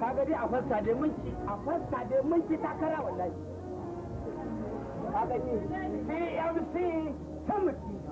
kaga dai a fassa dai mun ci a fassa dai mun ci takara wallahi kaga ni ta mutu.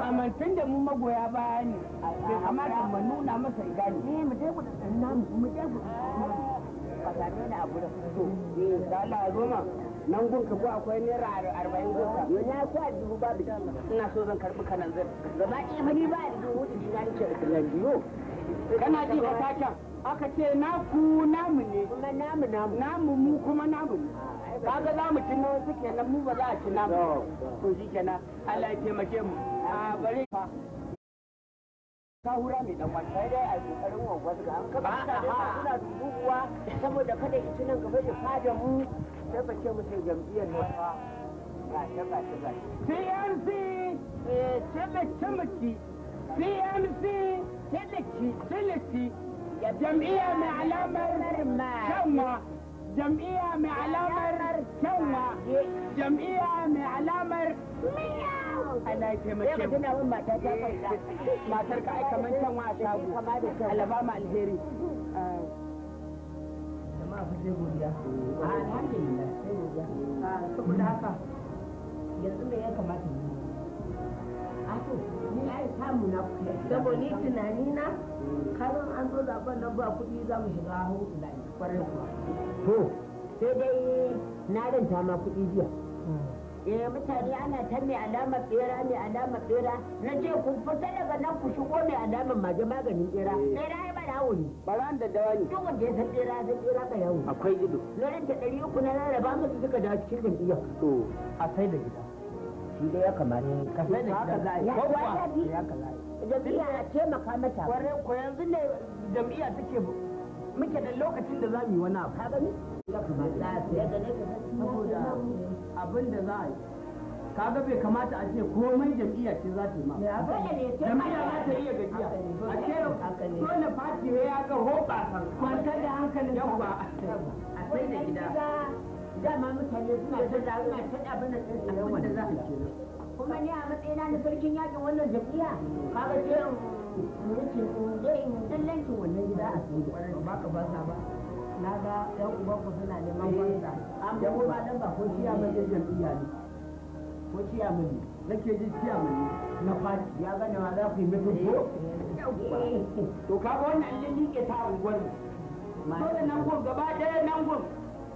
amma tun da mun magoya baya ne bai kamata mu nuna masa gani eh mu dai ku da mu ga da abu da eh da Allah zo ma nan gun ka akwai naira gun ka kwa dubu ba da ina so zan karbi kanan gaba ɗaya mani ba da dubu da dinari da dinari biyu kana ji fataken aka ce na ku namu ne namu mu kuma namu ne kaga za mu ci nawa suke nan mu ba za a ci namu to shi kenan Allah ya taimake mu a bare fa ka hura mai dan wani sai dai a kokarin an kaba ta dubuwa saboda kada ki nan gaba da fada mu sai ba ce mu sai jam'iyyar ne fa CMC CMC eh, سلكتي سلكتي جمعية مع الأمر كما جمعية مع الأمر كما جمعية مع الأمر Allah ya taimake mu. Yau ba ta ta faɗa. Matar ka ai kaman can wa ta ku. Allah ba mu alheri. Jama'a ku sai godiya. Alhamdulillah sai godiya. Saboda haka yanzu me ya kamata mu yi? Ato. ni ai samu na kuɗi saboda ni tunani na karin an zo zaben nan ba kuɗi za mu shiga hutu da ni kwarai kuwa to sai dai na ranta ma kuɗi jiya eh mutane ana ta mai alama bera mai alama bera na ce ku fita daga nan ku shigo mai alama mage maganin bera bera eh. ya bada hawo ne baran da dawa ne duk wanda ya san bera zai bera ka yawo akwai ido lorin da ɗari uku na rarraba musu suka dawo cikin jam'iyyar to a sai da gida shi da ya kamata eh, ka sai da haka zai ko kuwa jami'a a taimaka mata kwarai ko yanzu ne jami'a take muke da lokacin da za mu yi wani abu ka gani ya kamata saboda abin da za a yi kaga bai kamata a ce komai jam'iyya ce za ta yi ma jam'iyya za ta iya gajiya a ce dole fati ya ga hoba kwanta da hankalin yawa a sai da gida dama mutane suna ta zaruna ta abin da sun sayan wanda za a ce kuma ni a matsayina na sarkin yakin wannan jam'iyya kaga sai in rikin dallancin wannan gida a tsaye ba ka ba ba na ga yan uban ku suna neman banza eh, amma ko ba dan ba ko jam'iyya ne ko ji na fati ya gane ma za ku yi mutum ko eh, eh, to kaga wannan an liƙe ta unguwar da nan gun gaba ɗaya nan gun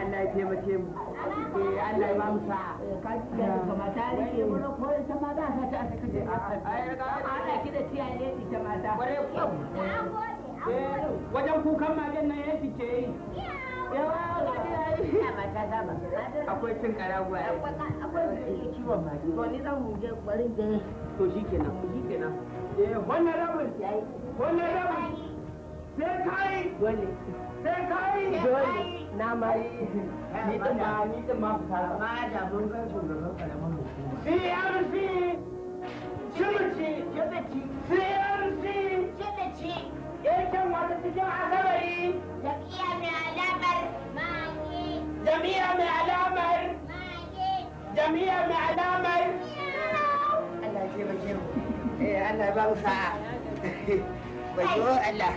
Allah ya taimake mu eh Allah ya ba mu sa'a ka ji kamata ne ke mu ko ita ma za ta ta asibiti ai ga ana ki da tiyaye ita kware ku eh, wajen kukan magen nan ke yi yawa ga ta ba akwai cin akwai ciwon mage to ni zan mu je barin to shikenan shikenan eh wannan rabin wannan rabin sai kai dole sai kai dole na ma ni da ma ni da ma fita ma da mun ga shugaban karaman CRC Shimirci Shadaci CRC Shadaci Yankin wata cikin asabari Jami'a mai alamar Mage Jami'a mai alamar Mage Jami'a mai alamar Allah ya ce Eh Allah ba mu sa'a. Bayo Allah.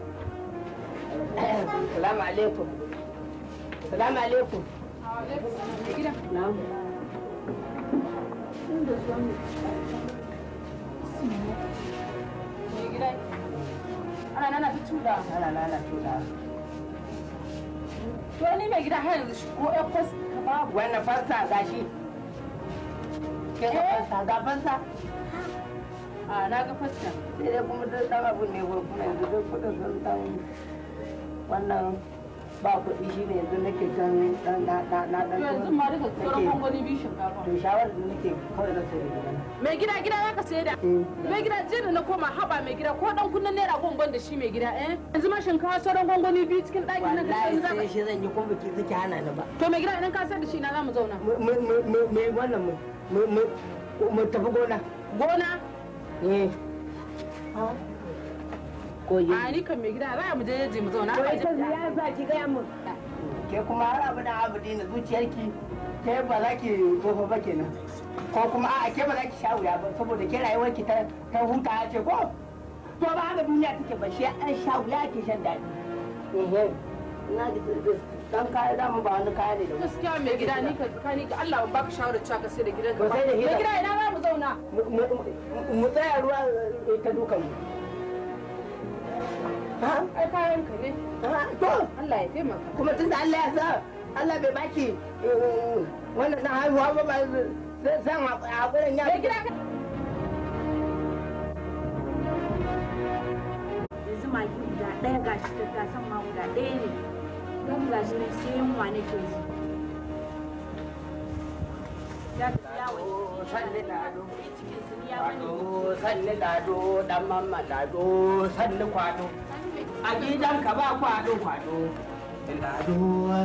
Salamu alaikum. Salamu alaikum. Ana nana Ana nana To ni gida har yanzu babu. Wannan fasta gashi. Ke ga eh? fasta ga fasta. na ga fasta. Sai dai kuma ko kuma sun wannan ba kuɗi shi ne yanzu nake can dan na na dan yanzu ma duka sauran kwangwani biyu shinkafa to shawarar da nake kawai na sayar da mai gida gida ya ka sayar da eh. mai gida jiya na koma haɓa mai gida ko dan kunnen naira gwangwan da shi mai gida eh yanzu ma shinkafa sauran gwangwani biyu cikin ɗakin nan ka da shi zan shi zan yi ko biki take hana ni ba to mai gida idan ka sayar da shi na za mu zauna mu mu mu wannan mu mu mu tafi gona gona eh ko a ni kan mai gida za mu je yaji mu zauna ko ita ziyara ki ga mu ke kuma har abu da abu dina zuciyarki ke ba za ki tsofa ba kenan ko kuma a ke ba za ki sha wuya ba saboda ke rayuwarki ta ta huta ce ko to ba haka duniya take ba shi an sha wuya ke shan daɗi na ji dan kaya dama ba wani kaya ne da gaskiya mai gida ni ka tsakani ga Allah ban baka shawara cewa ka sai da gidanka ba mai gida ina za mu zauna mu tsaya ruwa eh, ta dukan mu ai kayan ka ne to Allah ya taimaka kuma tunda Allah ya sa Allah bai baki eh, wannan dan haihuwa ba ba zan hakurin ya yanzu magi guda ɗaya gashi ta san ma guda ɗaya ne don gashi ne sai yunwa nake ji sanni lado kwado sanni lado dan mamma lado sanni kwado a ka ba kwado kwado lado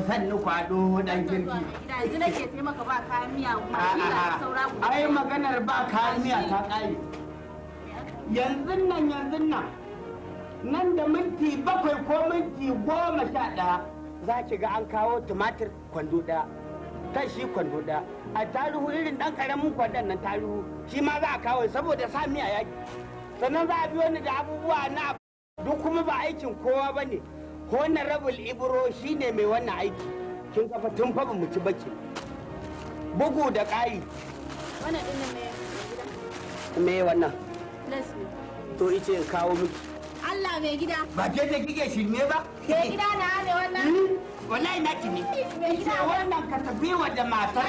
sanni kwado dan girki yanzu nake sai maka ba kayan miya makila saura guda ai maganar ba kayan miya ta kare yanzu nan yanzu nan nan da minti bakwai ko minti goma sha ɗaya za ki ga an kawo tumatir kwando ɗaya kashi kwando ɗaya a tarihu irin dan karamin kwandon nan tarihu shi ma za a kawo saboda sa miya yaki sannan za a biyo ni da abubuwa na duk kuma ba aikin kowa ba ne rabul ibro shi ne mai wannan aiki kin kafa tun fa mu ci baki bugu da kai wannan din ne me wannan to ice in kawo miki Allah mai gida ba ke da kike shirme ba ke gida na ne wannan hmm? wallahi naki ne ita wannan katabiwa da matar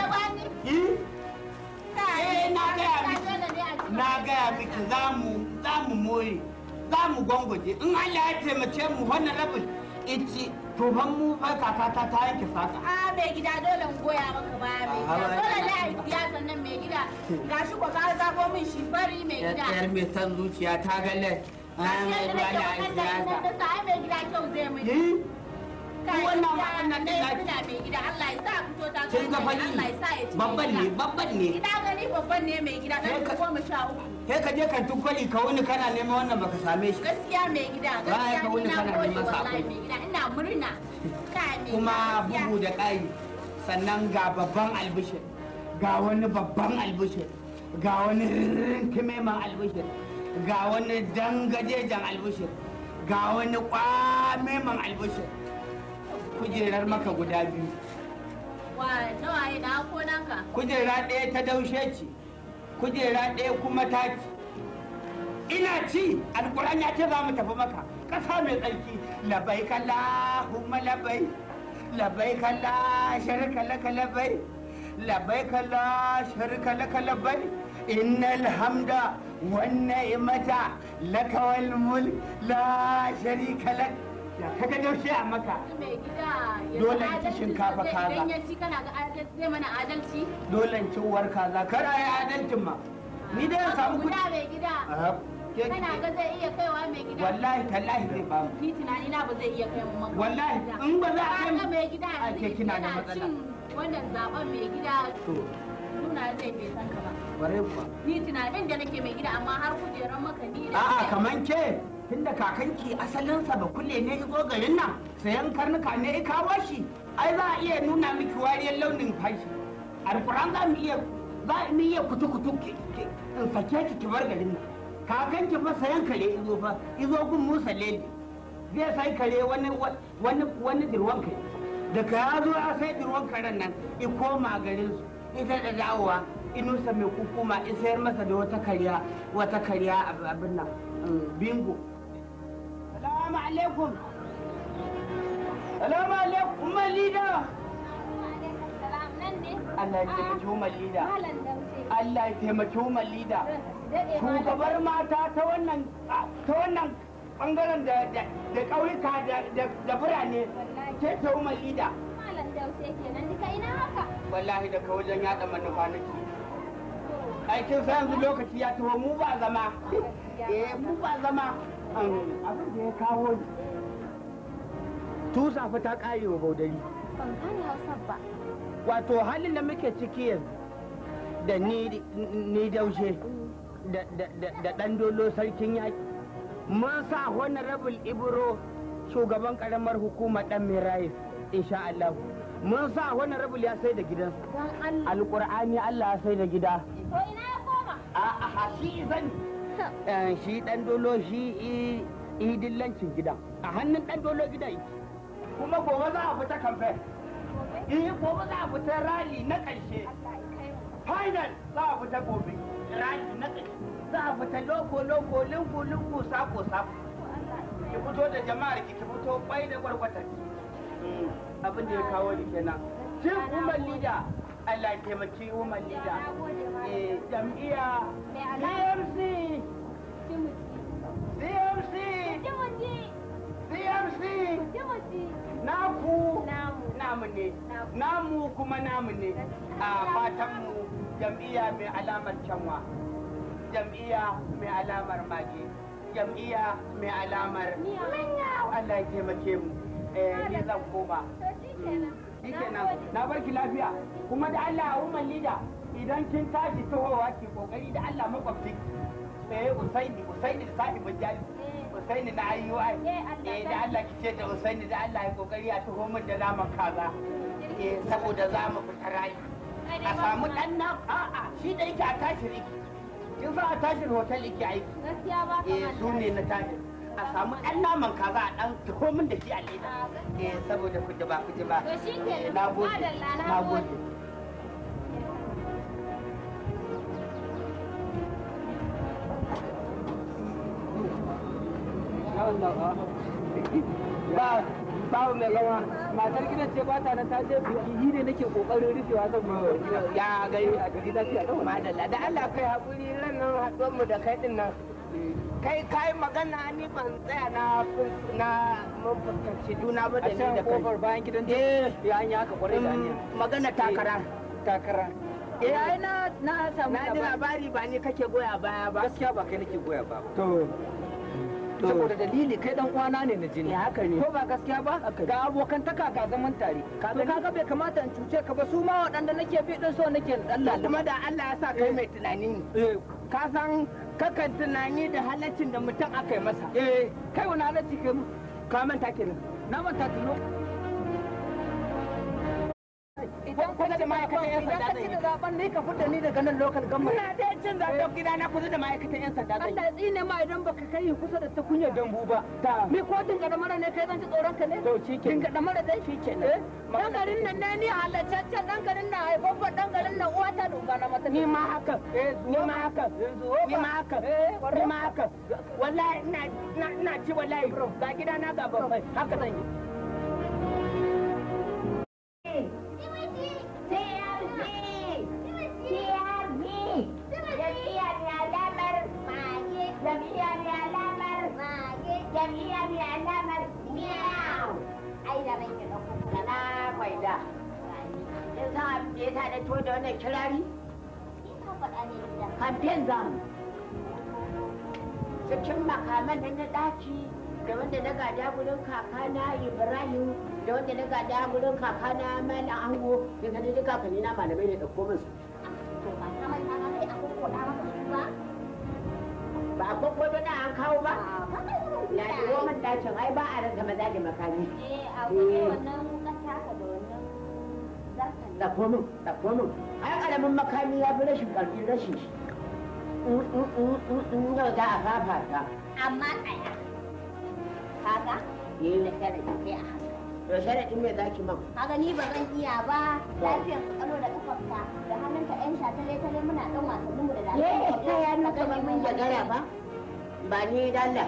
eh na gaya miki na gaya miki za mu za mu more za mu gwangwaje in Allah ya taimake mu honorable ici to ban mu fa kakata ta ta yanke saka a mai gida dole in goya maka ba mai gida dole ne a biya sannan mai gida gashi ko ka zabo min shi bari mai gida yar mai san zuciya ta galle an mai gida ta ta mai gida kyau zai mai wannan wannan kai ka je kana neman wannan baka same shi gaskiya mai gida gaskiya ka wuni kana neman sa ina murna kuma bugu da kai sannan ga babban albishir ga wani babban albishir ga wani rinkimeman albishir ga wani dangajejen albishir ga wani kwamemen albishir kujerar maka guda biyu ka. kujera ɗaya ta daushe ce kujera ɗaya kuma ci. ina ci alkur'an ya ce za mu tafi maka ƙasa mai tsarki labai kuma labai labai kalla sharika laka labai labai kalla sharika laka labai Inna alhamda wan ni'mata laka wal mulk la sharika laka Ya ka ga daushe a maka. Dole ki shinkafa kaza. Idan ya ci kana ga zai mana adalci. Dole ki kaza kar a yi adalcin ma. Ni dai ya samu kuɗi. mai gida. Ah, kana ga zai iya kaiwa mai gida wallahi tallahi zai ba mu ni tunani na ba zai iya kai mu wallahi in ba za a kai mai gida a ah, ke kina da matsala wannan zaben mai gida to nuna zai bai san ka ba bare ni tunanin da nake mai gida amma har kujeran maka ni a'a kaman ke tunda kakanki asalinsa ba kulle ne zo garin nan sayan karnuka ne ya kawo shi ai za a iya nuna miki wariyar launin fashi alkuran za mu iya za mu iya kutu kutu in sake ki ki bar garin nan kakanki fa sayan kare izo fa izo gun musa lele zai sai kare wani wani wani dirwan kare da ka ya zo a sai dirwan karen nan i koma garin su ita da dawowa inusa mai kukuma in sayar masa da wata kariya wata kariya abin nan mm, bingo Salamu alaikum. Salamu alaikum, Umar Lida. Allah ya taimaki ah, Umar Lida. Allah ya taimaki Umar Lida. Shugabar mata ta wannan ah, ta wannan bangaren da da ƙauyuka da birane ke ta Umar Lida. Malam duka ina haka. Wallahi wajen manufa nake. aikin sa yanzu lokaci ya taho mu ba zama eh mu ba zama abin da ya kawo ni tusa fa ta kare baudari ban san ba wato halin da muke ciki yanzu da ni daushe da ɗan dolo sarkin yaƙi mun sa honorable ibro shugaban ƙaramar hukumar ɗan mirayi insha Allah mun sa wannan rabul ya sai da gidan alƙur'ani Allah ya sai da gida to ina ya koma a a shi zan eh, shi dan dolo shi idillancin gidan a hannun dan dolo gidan yake kuma gobe za a fita kamfe eh gobe za a fita rali na ƙarshe final za a fita gobe rali na ƙarshe za a fita loko loko lungu lungu sako sako ki fito da jama'ar ki ki fito kwai da gwargwatar ki hmm. abin da ya kawo ni kenan shin woman leader Allah ya taimaki woman leader eh jam'iyya CMC CMC CMC namu namu ne namu kuma namu ne a fatan mu jam'iyya mai alamar canwa jam'iyya mai alamar mage jam'iyya mai alamar Allah ya taimake mu eh zan koma shikenan mm. na barki lafiya kuma da Allah umman lida idan kin tashi tohowa ki kokari da Allah makwabci eh usaini usaini da sahibin jali eh. usaini na eh, ayyuwa eh da Allah ki ce da usaini da Allah ya kokari a taho min da naman kaza eh saboda za mu fita rayu a samu dan nan a'a shi da yake a tashi riki kin fa a tashin hotel yake aiki gaskiya ba eh su ne na tashin a samu ɗan naman kaza a ɗan tuho min da shi a leda eh saboda kuje ba kuje ba to shi ke na gode na gode ba mai gawa matar ce ba ta nan ta je biki yi ne nake kokarin rufewa ya a da madalla da Allah kai hakuri ran nan haɗuwar mu da kai din nan kai kai magana ni ban tsaya na na mun fuskanci juna ba da ni da kai bayan gidan eh ya an haka kwarai da mm, ni magana eh. takara takara eh ai eh. na na samu na ji labari ba ni kake goya baya ba gaskiya ba kai nake goya ba to saboda dalili kai dan kwana ne na jini haka ne ko ba gaskiya ba ga abokan taka ga zaman tare ka ga bai kamata in cuce ka ba su ma waɗanda nake bi din so nake dan Allah kuma da Allah ya sa kai eh. mai tunani ne ka san kakan tunani da halaccin da mutum aka yi masa eh. kai wani halacci ke mu ka manta kenan na manta tuno ma'aikatan 'yan sanda zan yi. Idan ka ci da zaben ni ka fudda ni daga nan lokal gamma. Ina dai cin zaben gida na kusa da ma'aikatan 'yan sanda zan yi. Allah tsine ma idan baka kai kusa da ta kunya dambu ba. ta. Ni ko din ga mara ne kai zan ci tsoron ka ne? To shi ke. Din ga mara dai shi ke ne Dan eh? garin nan ne ni halaccen dan garin nan haifaffen dan garin nan uwa ta duba na mata. Ni ma haka. Eh, ni ma haka. Ni ma haka. Ni ma haka. Wallahi ina ina ci wallahi. Ga gida na ga babban. Haka zan yi. maida na kirari cikin makaman na ɗaki da wanda na gada gurin ibrahim da wanda na gada ango da na malamai ne min su ba a kwakwato na an kawo ba? dacin ai ba a rasa maza da makami eh a eh. wannan kasa da wannan Da min, da min. Ai karamin makami ya fi rashin karfi rashin shi. In yau za a fafata. Amma tsaya. Kaga? Eh. Da sharadi ke a hankali. Da ɗin me za ki man? Kaga ni ba zan iya ba. Lafiyar ƙalo da ƙafarka da hannunka ɗan ta tale muna ɗan wasanninmu da lafiya. Eh, ta yana ƙarfi mun jagara ba? Ba ni dalla.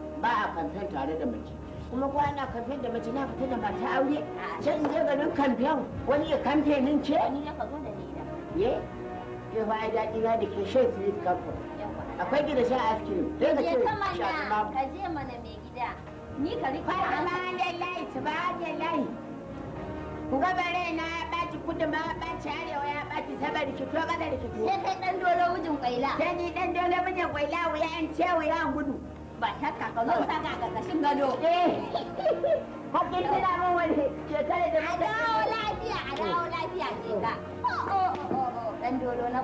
ba a kamfen tare da mace kuma ko ana kamfen da mace na fita da mata aure can je ganin kamfen wani ya kamfenin ce ni na ka zo da ni da ye ke fa ai daɗi na da ke shan sweet kamfen akwai gida sha ice cream sai ka ce sha ka je mana mai gida ni ka rike ba ma da lai ba da lai gaba raina ya ɓaci kudu ma ya ɓaci arewa ya ɓaci saba rikito kada rikito sai kai ɗan dole mijin kwaila sai ni ɗan dole mijin kwaila wuya an ce wuya gudu ban shakka ka zo sa ga ƙarƙashin gado hakkin wani a lafiya a lafiya ke ka dan na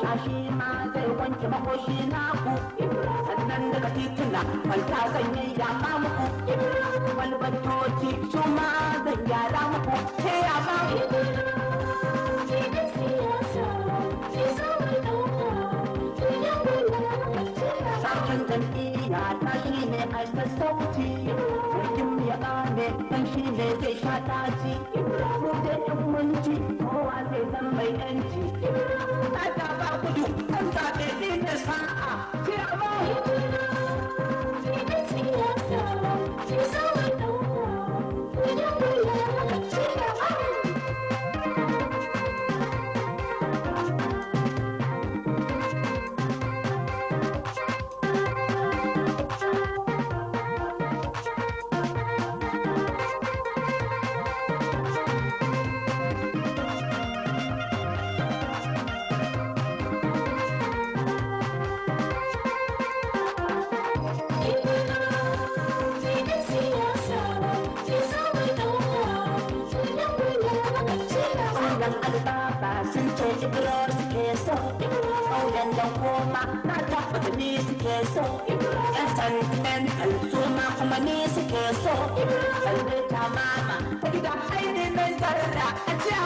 sha shi ma zai wanke makoshi naku sannan daga tituna kwalta sanyi yi yafa muku walbatoci su ma zan gyara muku ke yafa Sarkin jam'iyya ta shi ne a sassauci, sarkin ya ƙame, kan shi ne zai sha taci, Ibrahim da 'yan mai yanci. Ta ta ba kudu, an zaɓe ɗin da sa'a. jibrar suke so auren dan koma mata abu ne suke so yan sentimental su ma kuma ne suke so kalbe ta mama ta gida haini mai sarda a ce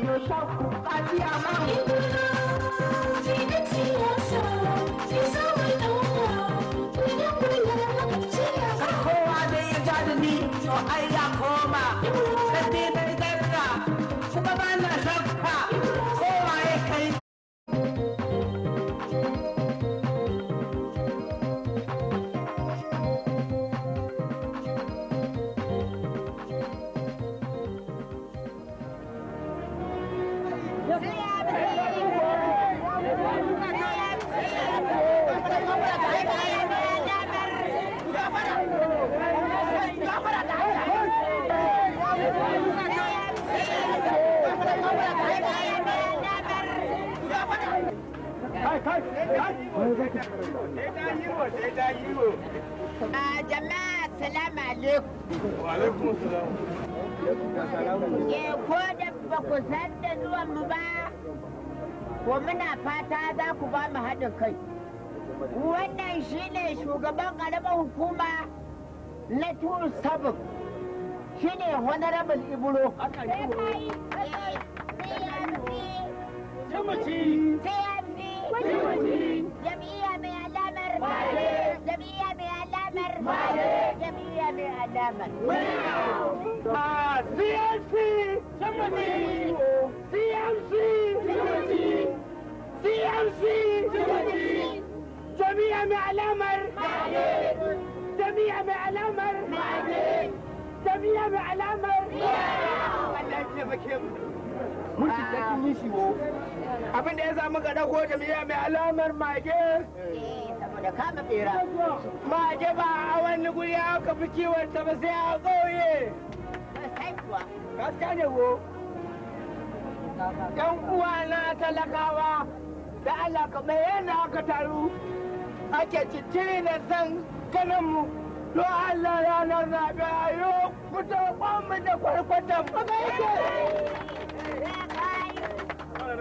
Eu sou o Patiamão. jama'a salamu alaikum ke ko da ba ku san da zuwan mu ba ko muna fata za ku ba mu haɗin kai wannan ne shugaban ƙaramar hukuma na turu sabon shine honorable ibro sai ya والدين جمعية بألامر جمعية بألامر جمعية بألامر سي ام سي سي ام سي سي ام سي جميع معلمر جميع معلمر جميع معلمر الله يجزاك يا مرشد لكن نشيو abin da ya samu ga dago jam'iyya mai alamar mage eh, mage ba a wani guri aka fi kiwon ta ba sai a ƙauye gaskiya ne ko yan uwa na talakawa da Allah ka mai yana aka taru ake cicciri da san kananmu do Allah ranar zaɓe a yau kuta kwanmu da kwarkwatan.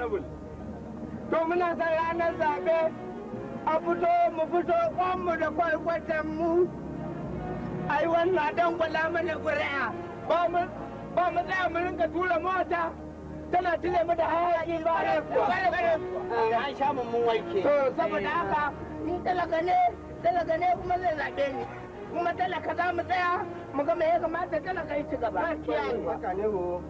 honorable to muna san ranar zaɓe a fito mu fito mu da kwaikwatan mu ai wannan dan kula mana ƙuri'a ba mu ba mu tsaya mu rinka tura mota tana tile mu da hayaƙi ba da eh, an sha mun mun wanke to saboda eh. haka ni talaka ne talaka ne kuma zai zaɓe ni kuma talaka za mu tsaya mu ga me ya kamata talaka ya ci gaba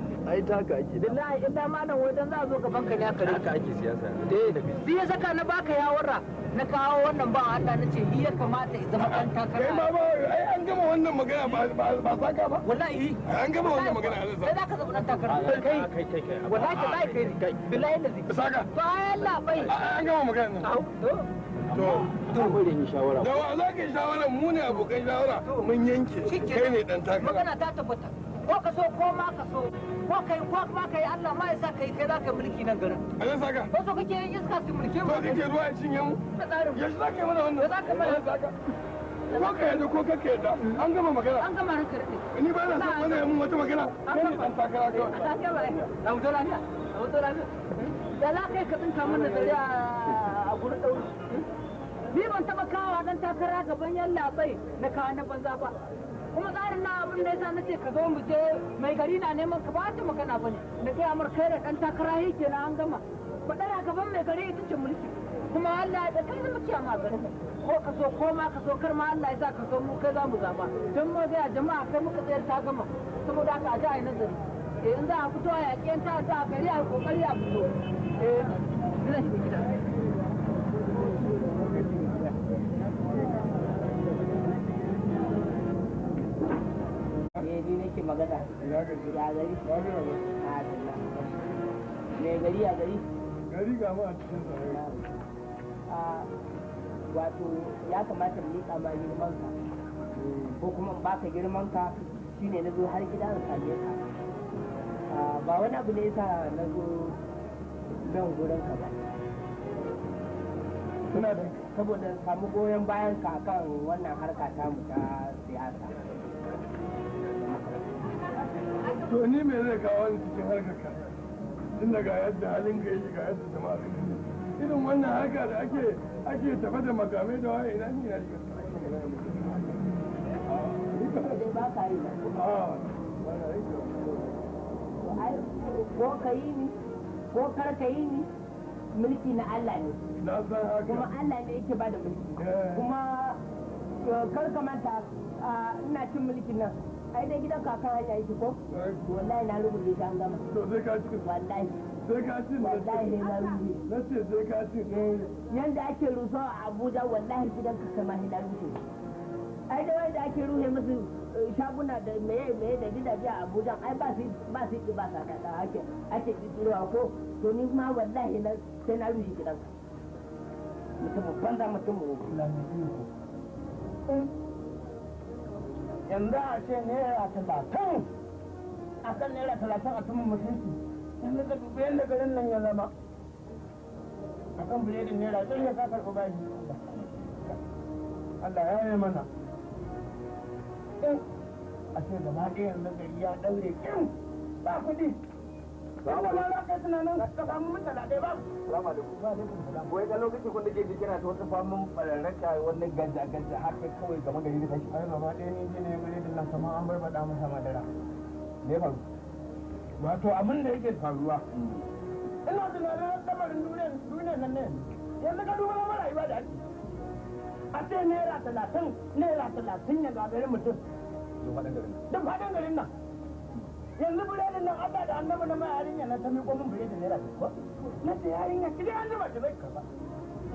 ai ta haka ake billahi in da malam wajen za a zo gaban ka ne aka ka ake siyasa eh bi ya saka na baka yawara na kawo wannan ba Allah na ce ni ya kamata ya zama dan takara kai ma ba ai an gama wannan magana ba ba saka ba wallahi an gama wannan magana Allah sai zaka zama dan takara kai kai kai kai wallahi kai kai kai billahi da zai saka to ai Allah bai an gama magana to to to bari ni shawara da wa za ka yi shawara mu ne abokan shawara mun yanke kai ne dan takara magana ta tabbata ko ka so ko ma ka so ko kai ko ma yi Allah ma yasa kai kai ka mulki nan garin Allah saka ko so kake yin iska su mulki mu kake ruwa ya cinye mu ya shi zaka yi mana wannan zaka mana ko ka yadda ko kake yadda an gama magana an gama ranka rade ni ba na son wani mun wata magana kai ne dan takara kawai a take ba a wuto lafiya a wuto lafiya da la kai ka tsinka mana dare a gurin dauri ni ban taɓa kawo dan takara gaban yalla bai na kawo na banza ba kuma tsarin na abin da ya na ce ka zo mu je mai gari na neman ka ba ta magana ne da kai amur kai da ɗan takara yake na an gama faɗar a gaban mai gari ita ce mulki kuma Allah da kai zama kiyama garin ko ka zo ko ma ka zo kar ma Allah ya sa ka zo mu kai za mu zaba don mu a jama'a kai muka tsayar ta gama saboda ka ajiye ji a yi nazari eh in za a fito a yaƙi ta ta gari a kokari a fito eh zai shi gida ne ni nake magana ya da gida gari a tunda mai gari a gari gari ga ma a cikin sa eh. wato ya kamata mu liƙa ma girman ka ko kuma baka girman ka shine na zo har gida na same ka ba wani abu ne yasa na zo nan gurin ka ba suna da saboda samu goyon bayan ka kan wannan harka mu ta siyasa to ni me zai kawo ni cikin harkar ka tunda ga yadda halin ka yake ga yadda jama'a ka yake irin wannan harka da ake ake tafa da makamai da waye ina ni na shiga ko ka yi ni ko kar ka yi ni mulki na Allah ne kuma Allah ne yake ba da mulki kuma uh, kar ka manta uh, ina cin mulkin nan ai dai gidan kakan hanya yake ko wallahi na rubuce ka an gama to sai ka ci wallahi zai ka ci wallahi ne na rubuce na ce sai ka ci eh, yanda ake rufa a Abuja wallahi gidan kakan ma na rubuce ai da wanda ake rufe musu eh, shaguna da meye meye da gidaje a Abuja ai ba su ba su ba sa kada ake ake kiro ko to ni ma wallahi na sai na rubuce gidan mutum banza mutum mu yanzu a ce naira talatin a kan naira talatin a tumin mutunci yanzu ka dubi yadda garin nan ya zama a kan biredin naira ɗin ya kakar ku bashi Allah ya yi mana ɗin a ce gaba ɗaya yanzu gari ya ɗaure ɗin ba kuɗi Salamu alaikum. Wai ga lokaci kun ta wani kawai game tashi. ne nan an masa madara. Wato abin da yake faruwa. Ina tunanin lamarin duniyar nan ne. Yanzu ka duba mara rayuwa da ake. A ce naira talatin naira talatin ya a garin mutum. Duk faɗin garin nan. yanzu biredin nan Allah da annabi na ma yarinya na ta miƙo min biredin naira ta ko na ce yarinya ki dai an zuba ki zai karba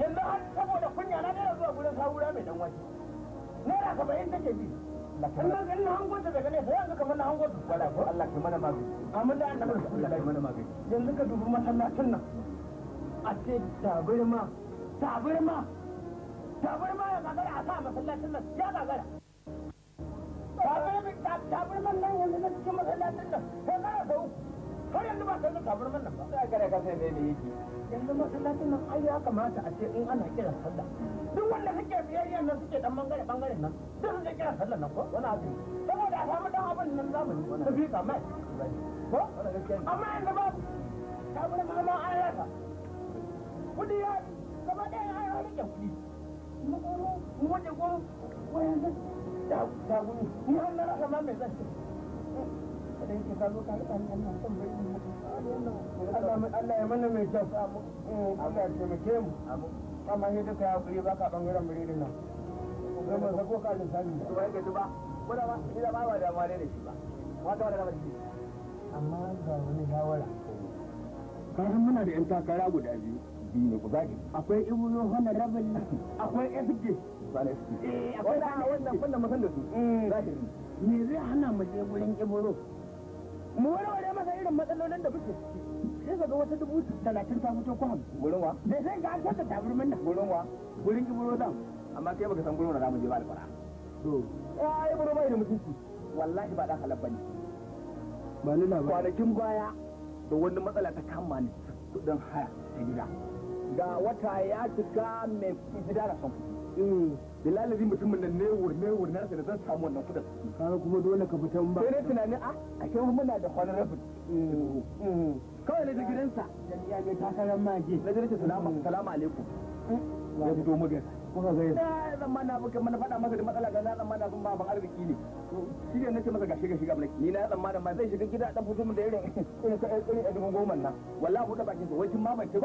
yanzu an saboda kunya na naira zuwa gurin sawura mai dan wake naira saba'in take bi in na ganin hangon ta daga nesa yanzu kamar na hangon ta wala ko Allah ki mana magani amin da annabi da Allah ki mana magani yanzu ka dubi masallacin nan a ce tabirma tabirma tabirma ya gagara a sa masallacin nan ya gagara tabarman nan yanzu na cikin masallacin nan sai na sau ka sai ne ai ya kamata a ce in ana kira sallah duk wanda suke biyayya nan suke dan bangare bangare nan duk suke kira sallah nan ko wani abu saboda a samu dan abin nan zamani ta fi ka mai ko amma yanzu ba ma an rasa kudi ya gaba ɗaya ya rike kudi mu ko mu wajen ta na Allah ya mana mai kyau Allah ya taimake mu amma hmm, sai duka ya kuri baka bangaren nan ka ko da ma ni da ba da ma da shi ba ma ta da shi amma ga wani shawara muna da yan takara guda biyu biyu ne ku akwai ibnu akwai sani eh, su eh akwai da wannan wannan masan da su zahiri me zai hana mu je gurin ibro mu warware masa irin matsalolin da muke sai ka ga wata dubu talatin ta fito ko Wurin wa sai sai ga an saka taburmin nan gurin wa Wurin ibro zan amma kai baka san gurin da zamu je ba alfara to ya ibro bai da mutunci wallahi ba dan halabba ne ba ni labarin. kwanakin baya da wani matsala ta kama ni kudin haya ta gida ga wata ya cika mai gida da son kuɗi bilalazi mutumin nan newur newur na da zan samu wannan kudin kaga kuma dole ka fitan ba sai dai tunanin a ah, ashe muna da honorable mm. Mm. kawai na gidansa da ya mai takarar mage na jirgin salama alaikum mm. ya fito magana kuka ga na zan mana baka mana faɗa masa da matsala ga na arziki ne shi ne nace masa gashi gashi ga mulki ni na ma zai shiga gida dan fito da irin irin irin a goma nan wallahi bakin sa wai ba to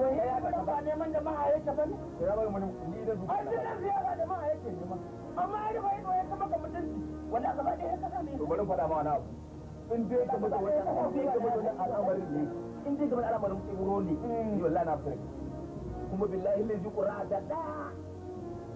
ya ba neman da maha yake ba ne ya mun ni da su ai da ziyara da maha yake ne ma amma ai bai ka mutunci gaba da ya kasa ne to bari faɗa ma wani abu in dai ka mutu wannan al'amarin ne in dai ka mutu al'amarin ne wallahi na fara kuma billahi qur'a da da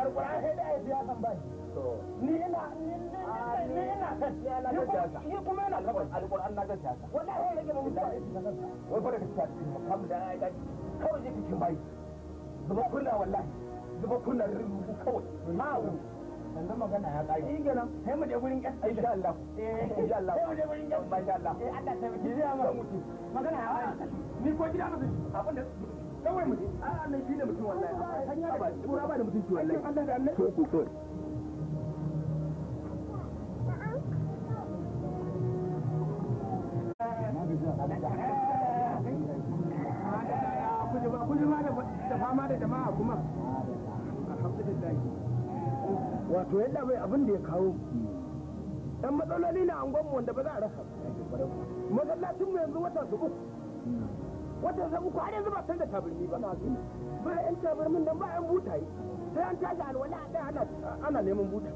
alkur'an sai da aiki ya san ni ina ni ah, ina kan shi kuma yana gaban alkur'an na gaskiya ka wallahi sai rage mun da aiki na kanka wai fara gaskiya kam da ai dai kawai je kicin bai zuba kunna wallahi zuba kunna rubu kawai ma'u sannan magana ya ƙari shi kenan sai mu je gurin ƴan insha Allah eh insha Allah sai mu je gurin ƴan insha Allah eh Allah sai mu je magana ya ah. ni ko gida abin da kawai mutum a nan shi ne mutum wallahi a ba da mutunci wallahi Allah da Allah ko wato yadda bai abin da ya kawo dan matsaloli na angon wanda ba za a rasa masallacin mu yanzu wata su uku wata sai uku har zuba ba san da tabarmi ba ba yan tabarmin dan ba yan buta butaye sai an tashi alwala a ɗaya ana ana neman buta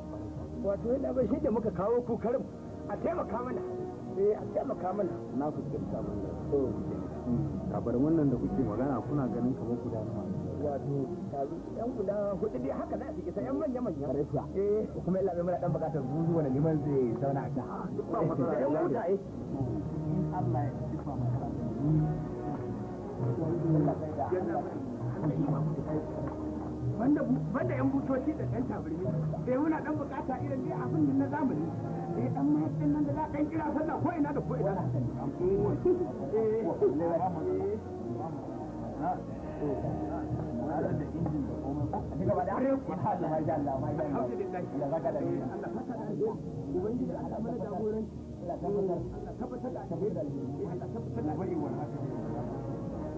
wato yadda bai shi da muka kawo ku karin a taimaka mana eh a taimaka mana na fuskanta mun da tsoro tabarmin nan da kuke magana kuna ganin kamar guda nawa wato taru yan guda hudu dai haka za su isa yan manya manya karfa eh kuma illa mai dan bukatar buzu wani liman zai zauna a kan ba matsala yan mutane eh. Allah ya ji fa banda yan butoci da ɗan tabirni da muna ɗan bukata irin dai abin nan na zamani da ya ɗan mayar ɗin nan da za a ɗan kira sallah ko ina da ko ina Allah tabbatar da alheri da alheri da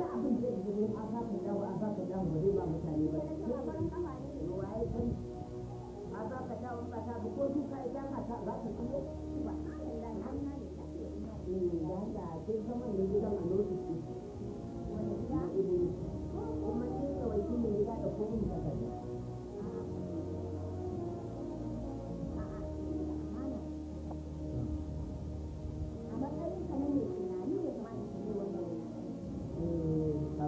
duk abin zai yi a baka dawo a baka dawo ba zai ba mutane ba waye san a ba ta da da sai zaman ne gidan a lokaci wanda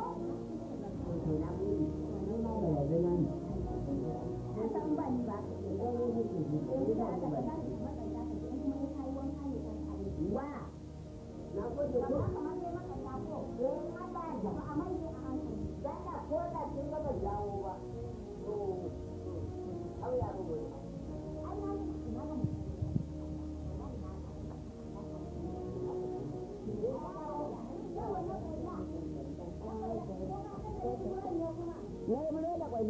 Thank you.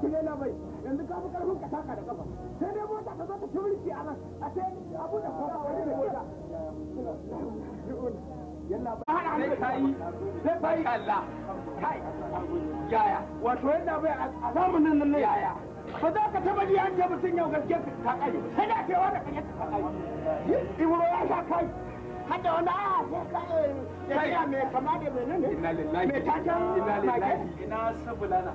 ki lela bai yanzu ka fi karfin ka taka da kafa sai dai mota ta zo ta tumulci a nan a sai abu da kofa wani da mota yalla ba hada ne kai sai bai Allah kai yaya wato yanda bai a zamanin nan ne yaya ba za ka taba ji an je mutum yau gaskiyar ka kare sai da cewa ka kare ka kare ibro ya sha kai hada wani a ah, sai eh, kai ya ah, mai kama da mai nan ne mai taken ina lillahi ina sabulana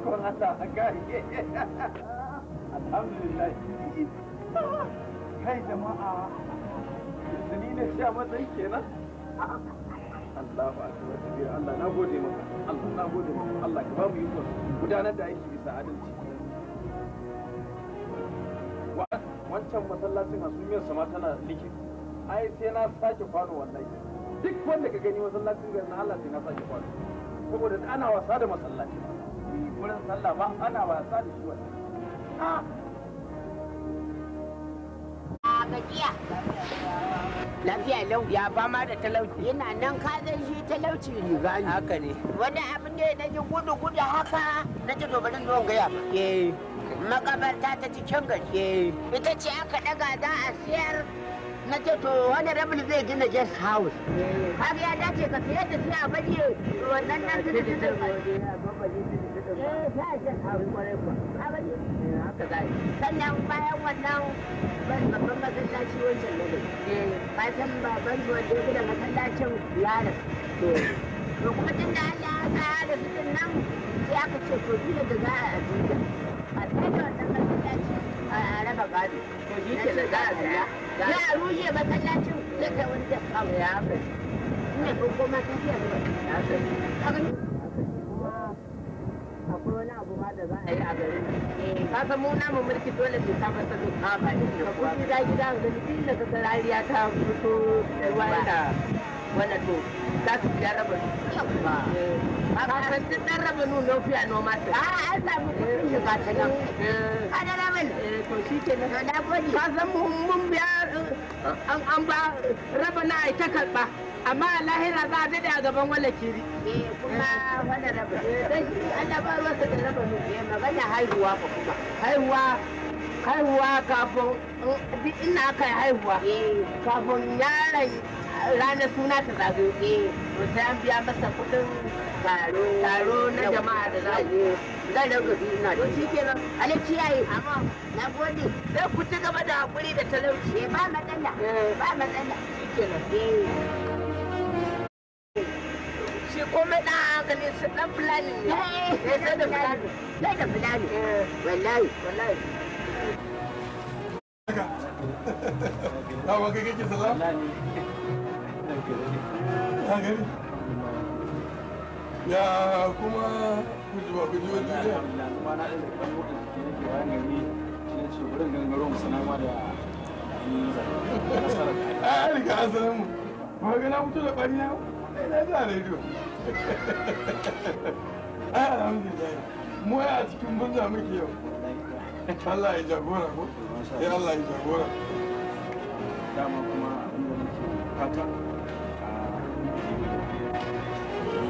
ikon Allah a gage alhamdulillah kai jama'a izini ne sha matsayi kenan Allah ba ta wata biyar Allah na gode maka Allah na gode maka Allah ka ba mu ikon gudanar da aiki bisa adalci wancan masallacin hasumiyar sama tana likin ai sai na sake kwano wallahi duk wanda ka gani masallacin gari na Allah sai na sake kwano saboda ana wasa da masallaci shi wurin sallah ba ana wasa da shi gajiya ah! lafiya lau ya ba ma da talauci yana nan ka zai shi talauci ba ne haka ne wani abin da na ji gudu gudu haka na ji dobarin zuwan gaya ba. Eh. makabarta ta cikin gari eh. ita ce aka daga za a siyar na ce to wani rabin zai gina guest house eh. har ya dace ka siyar da sai a bari wannan nan zai sannan bayan wannan babban masallaci wancan da fatan baban zuwa jirgin da masallacin yaron to kuma tun da Allah ya nan sai aka ce to dole da za a a tsaye da wannan masallaci a raba gado to shi ke da za a za a masallacin wani ne ko kuma ta fiye da wani da za a yi a garin eh, ka san mu namu mulki dole sai ta masa ba gida gida ga da rariya ta fito wanda wanda to za su raba ba eh, ka san duk dan raba nu noma a ta ah, eh, to shi ke ka san mun biya an ba raba na amma lahira za a daɗe a gaban wala kiri. Eh, kuma wanda raba Allah ba ruwansa da raba nufiya magana haihuwa ba kuma haihuwa haihuwa kafin duk ina aka yi haihuwa eh. kafin yaron ranar suna ta zagaye. Eh. to sai an biya masa kuɗin taro na jama'a da za a yi zan rage duniya to shi kenan alhaji yayi amma na gode sai ku ci gaba da haƙuri da talauci ba matsala ba matsala shi kenan asalin su dan fulani ne eh, ya da fulani da fulani eh. wallahi wallahi kai kake sallah? Ya kuma kujewa Kuma na da ke ce wurin gangaro mu da mu. Ba ga na mutu da ɓari na. rediyo. mu a cikin banza muke yau Allah ya jagora ko ya Allah ya jagora dama kuma abin da muke fata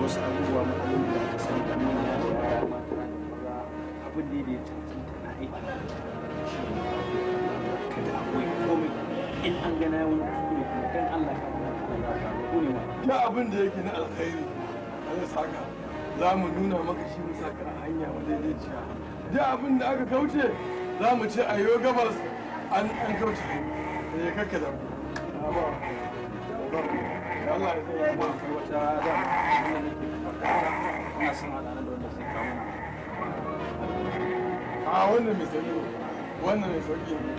wasu abubuwa matsalolin da aka sani da nuna da baya mata da maza abin da ya cancanta na aiki kada akwai komai in an gana wani kuskure kuma kan Allah ka kuma ya ko ne ya abin da yake na alkhairi alas za mu nuna maka shi mu a hanya madaidaiciya duk abin da aka kauce za mu ce a yau gabas an an kauce da ya kake da mu Allah ya zai kuma akwai wata da ina son alalar da wanda sai kawo a wannan mai sauki wannan mai sauki ne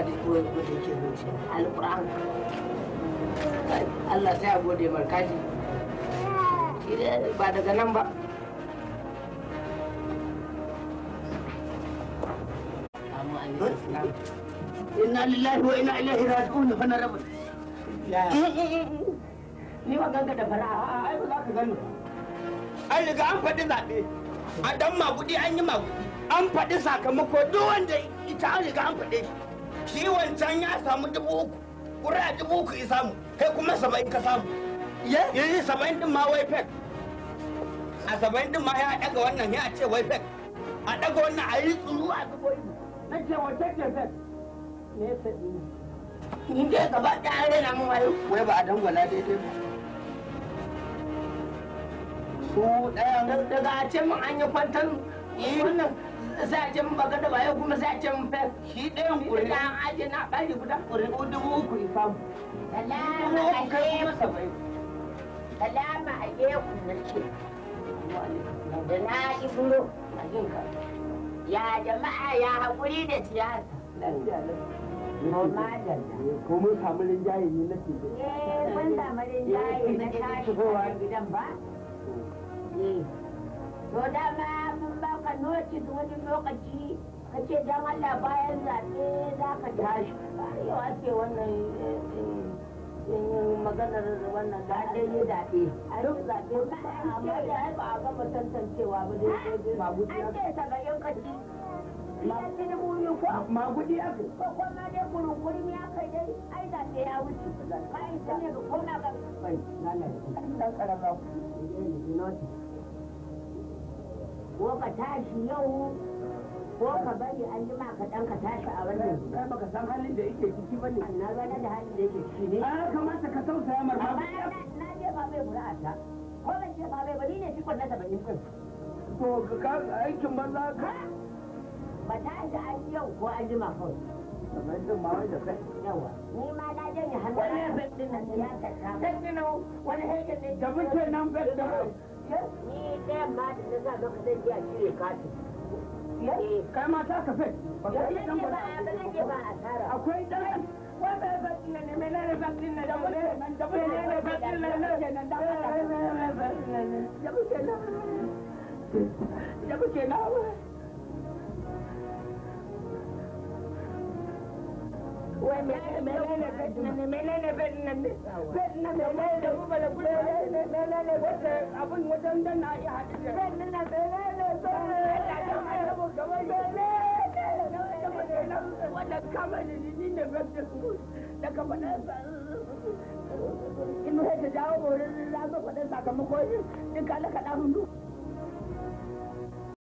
alƙur'an Allah sai a gode markaji ba daga nan ba inna lillahi wa inna ilaihi raji'un fa na rabu mm, mm, mm, ni wa ganga da fara'a ai ba za ka gani Ai daga an faɗi zaɓe a dan maguɗi an yi maguɗi an faɗi sakamako duk wanda ita an riga an faɗe shi shi wancan ya samu dubu uku ƙuri'a dubu uku isa mu kai kuma saba'in ka samu yanzu eh, saba'in din ma wai fek a saba'in din ma ya ɗaga wannan ya ce wai fek a ɗaga wannan a yi tsuru a zubo ido na ce wace ce fek me ya sa ni dai gaba ɗaya rena mun wayo wai ba a dangwala daidai ba su ɗaya daga a ce mun an yi kwantar wannan da za a ce mun baka da baya kuma za a ce mun fe shi ɗayan kuri da aje na bari guda kuri ko dubu uku famu salama a gefu na ce da na yi ya jama'a ya haƙuri da siyasa eh, ko mun samu rinjaye ne na ce eh mun samu na eh, tashi gidan ba eh. to dama baka wani lokaci ka ce don Allah bayan zaɓe za ka tashi yau ake wannan eh, eh, eh, maganar wannan da ya zaɓe a duk zaɓe amma da ya ba a gama tantancewa ba dai ce kaci ya fi ko kuma dai kurukuri ya kai dai ai ya wuce ne ga kona ga bai na ne ko ka tashi yau ko ka bari an jima ka dan ka tashi a wannan eh, eh, baka san halin da yake ciki na gane da halin da yake ciki ne ah, a kamata ka tausaya mar ba na je ba mai ko ban je ba mai bari ne fikon na 70 din to ka aikin banza ka ba ta da an yau ko an jima kawai ma da ni ma na hannu wani ya ya wani ne da muke nan bai Ni ɗayan ma da za maka zan Kai ma ta ka Ba ba Akwai ɗan wai menene ne na ni ne wanda su daga faɗin in muka jawo wurin rasa faɗin sakamako yin duka na kaɗa hundu